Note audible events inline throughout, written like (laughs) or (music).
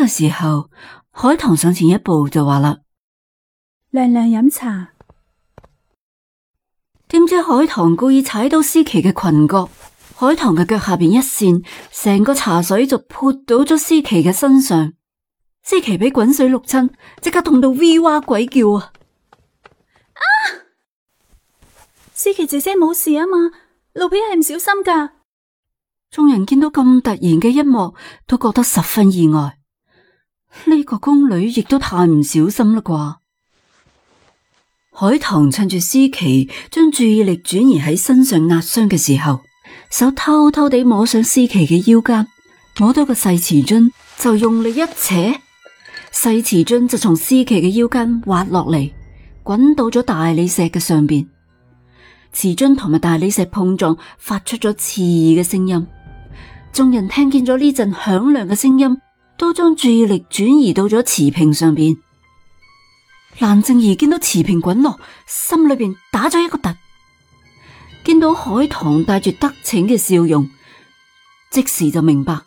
呢個時候，海棠上前一步就話啦，娘娘飲茶，點知海棠故意踩到思琪嘅裙角，海棠嘅腳下邊一濺，成個茶水就潑到咗思琪嘅身上。思琪俾滾水淥親，即刻痛到 V 哇鬼叫啊！思琪姐姐冇事啊嘛，奴婢係唔小心噶。眾人見到咁突然嘅一幕，都覺得十分意外。呢個宮女亦都太唔小心啦啩！海棠趁住思琪將注意力轉移喺身上壓傷嘅時候，手偷偷地摸上思琪嘅腰間，摸到個細瓷樽，就用力一扯，細瓷樽就從思琪嘅腰間滑落嚟，滾到咗大理石嘅上邊。瓷樽同埋大理石碰撞，發出咗刺耳嘅聲音。眾人聽見咗呢陣響亮嘅聲音。都將注意力轉移到咗瓷瓶上邊。蘭靜怡見到瓷瓶滾落，心裏邊打咗一個突。見到海棠帶住得逞嘅笑容，即時就明白，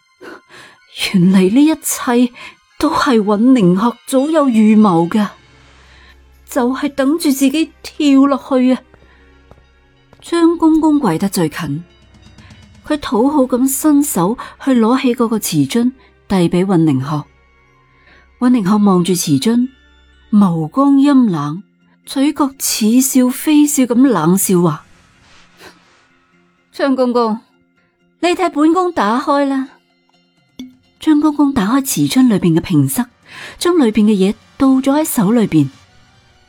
原嚟呢一切都係尹寧學早有預謀嘅，就係等住自己跳落去啊！張公公跪得最近，佢討好咁伸手去攞起嗰個瓷樽。遞俾尹寧鶴，尹寧鶴望住瓷樽，眸光陰冷，嘴角似笑非笑咁冷笑話：張公公，你睇本宮打開啦。張公公打開瓷樽裏邊嘅瓶塞，將裏邊嘅嘢倒咗喺手裏邊，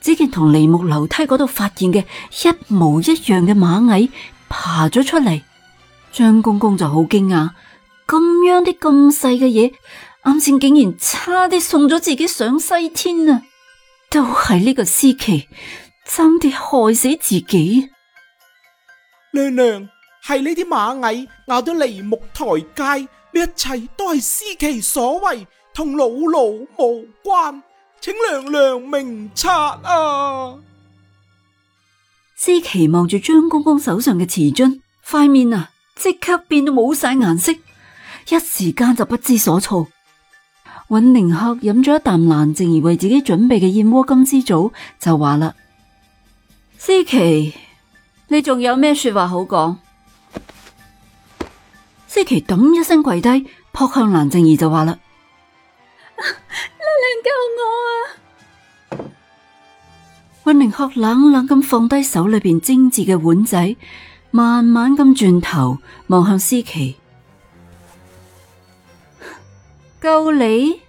只見同梨木樓梯嗰度發現嘅一模一樣嘅螞蟻爬咗出嚟，張公公就好驚訝。央啲咁細嘅嘢，啱先竟然差啲送咗自己上西天啊！都係呢個思琪，爭啲害死自己。娘娘，係呢啲螞蟻咬咗梨木台階，呢一切都係思琪所為，同老奴無關，請娘娘明察啊！思琪望住張公公手上嘅瓷樽，塊面啊，即刻變到冇晒顏色。一時間就不知所措，尹寧克飲咗一啖藍靜兒為自己準備嘅燕窩金枝棗就話啦：思琪奇，你仲有咩說話好講？思琪咚一聲跪低，撲向藍靜兒就話啦、啊：娘娘救我啊！尹寧克冷冷咁放低手裏邊精致嘅碗仔，慢慢咁轉頭望向思琪。救你？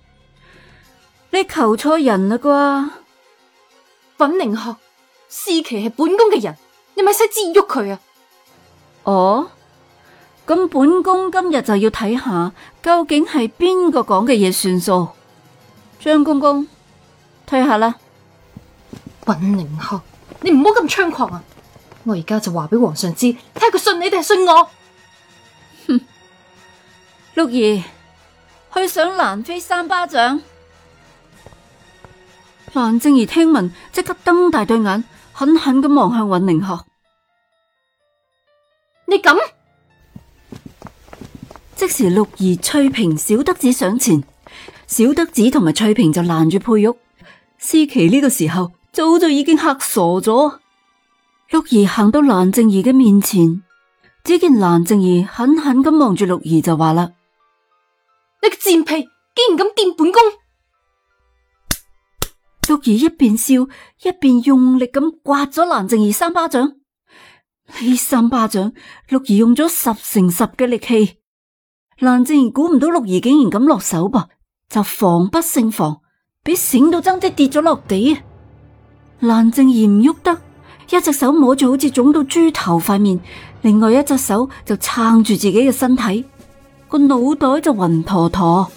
你求錯人啦啩！品寧學思琪係本宮嘅人，你咪使支喐佢啊！哦，咁本宮今日就要睇下究竟係邊個講嘅嘢算數。張公公，退下啦！品寧學，你唔好咁猖狂啊！我而家就話俾皇上知，睇佢信你定係信我。哼， (laughs) 六兒。去賞蘭妃三巴掌，蘭靜兒聽聞即刻瞪大對眼，狠狠咁望向允寧鶴。你敢？即時六兒翠萍小德子上前，小德子同埋翠萍就攔住佩玉。思琪呢個時候早就已經吓傻咗。六兒行到蘭靜兒嘅面前，只見蘭靜兒狠狠咁望住六兒就話啦。你個賤婢，竟然咁掂本宮！六兒一邊笑一邊用力咁刮咗蘭靜兒三巴掌。呢三巴掌，六兒用咗十成十嘅力氣。蘭靜兒估唔到六兒竟然咁落手噃，就防不勝防，俾閃到爭啲跌咗落地啊！蘭靜兒唔喐得，一隻手摸住好似腫到豬頭塊面，另外一隻手就撐住自己嘅身體。個腦袋就暈陀陀，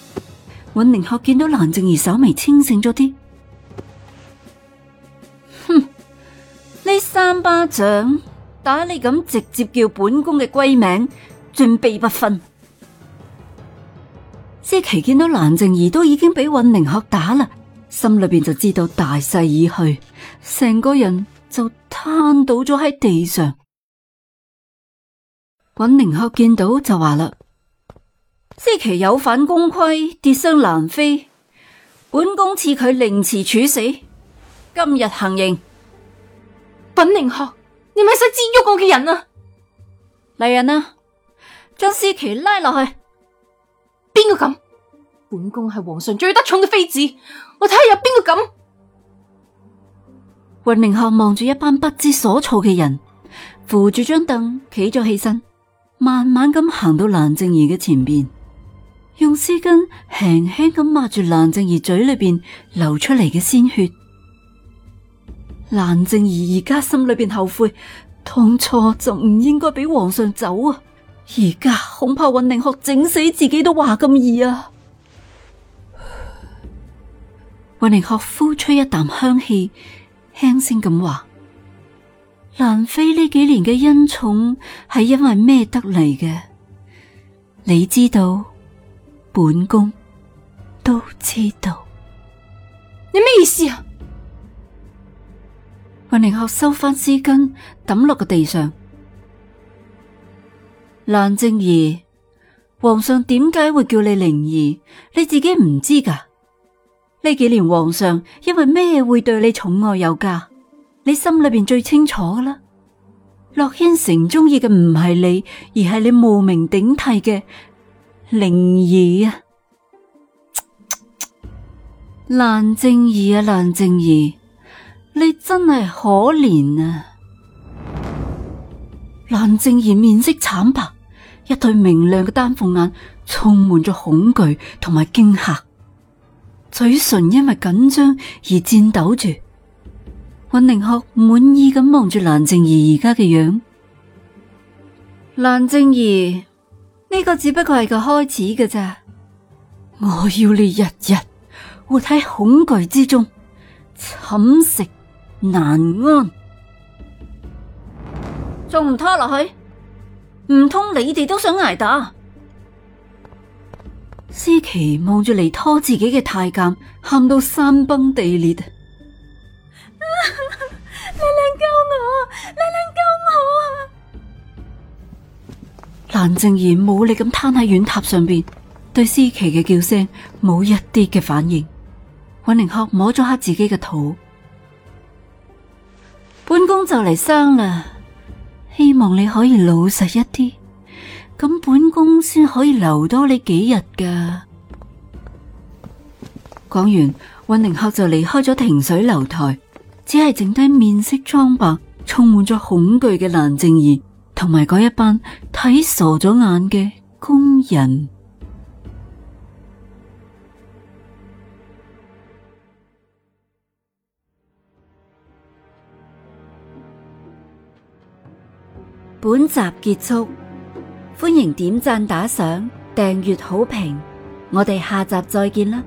尹寧鶴見到蘭靜兒稍微清醒咗啲。哼，呢三巴掌打你咁直接叫本宮嘅閨名，尊卑不分。之奇見到蘭靜兒都已經俾尹寧鶴打啦，心裏邊就知道大勢已去，成個人就癱倒咗喺地上。尹寧鶴見到就話啦。思琪有犯宮規，跌傷難飛，本宮賜佢凌遲處死。今日行刑，品寧后，你咪使支喐我嘅人啊！嚟人啊，將思琪拉落去。邊個敢？本宮係皇上最得寵嘅妃子，我睇下有邊個敢。雲寧后望住一班不知所措嘅人，扶住張凳企咗起身，慢慢咁行到蘭靜儀嘅前邊。用絲巾輕輕咁抹住蘭靜兒嘴裏邊流出嚟嘅鮮血。蘭靜兒而家心裏邊後悔，當初就唔應該俾皇上走啊。而家恐怕運寧學整死自己都話咁易啊。運寧學呼出一啖香氣，輕聲咁話，蘭妃呢幾年嘅恩寵係因為咩得嚟嘅？你知道？本宮都知道，你咩意思啊？雲寧鶴收翻絲巾，抌落個地上。蘭靜兒，皇上點解會叫你靈兒？你自己唔知噶？呢幾年皇上因為咩會對你寵愛有加？你心裏邊最清楚嘅啦。洛軒成中意嘅唔係你，而係你冒名頂替嘅。靈兒啊，蘭靜兒啊，蘭靜兒，你真係可憐啊！蘭靜兒面色慘白，一對明亮嘅丹鳳眼充滿咗恐懼同埋驚嚇，嘴唇因為緊張而顫抖住。尹寧學滿意咁望住蘭靜兒而家嘅樣，蘭靜兒。呢個只不過係個開始嘅咋，我要你日日活喺恐懼之中，寢食難安，仲唔拖落去？唔通你哋都想捱打？思琪望住嚟，拖自己嘅太監，喊到山崩地裂。蘭靜兒冇力咁攤喺軟榻上邊，對思琪嘅叫聲冇一啲嘅反應。尹寧鶴摸咗下自己嘅肚，本宮就嚟生啦，希望你可以老實一啲，咁本宮先可以留多你幾日噶。講完，尹寧鶴就離開咗停水樓台，只係剩低面色蒼白、充滿咗恐懼嘅蘭靜兒。同埋嗰一班睇傻咗眼嘅工人。本集結束，歡迎點讚、打賞、訂閱、好評，我哋下集再見啦！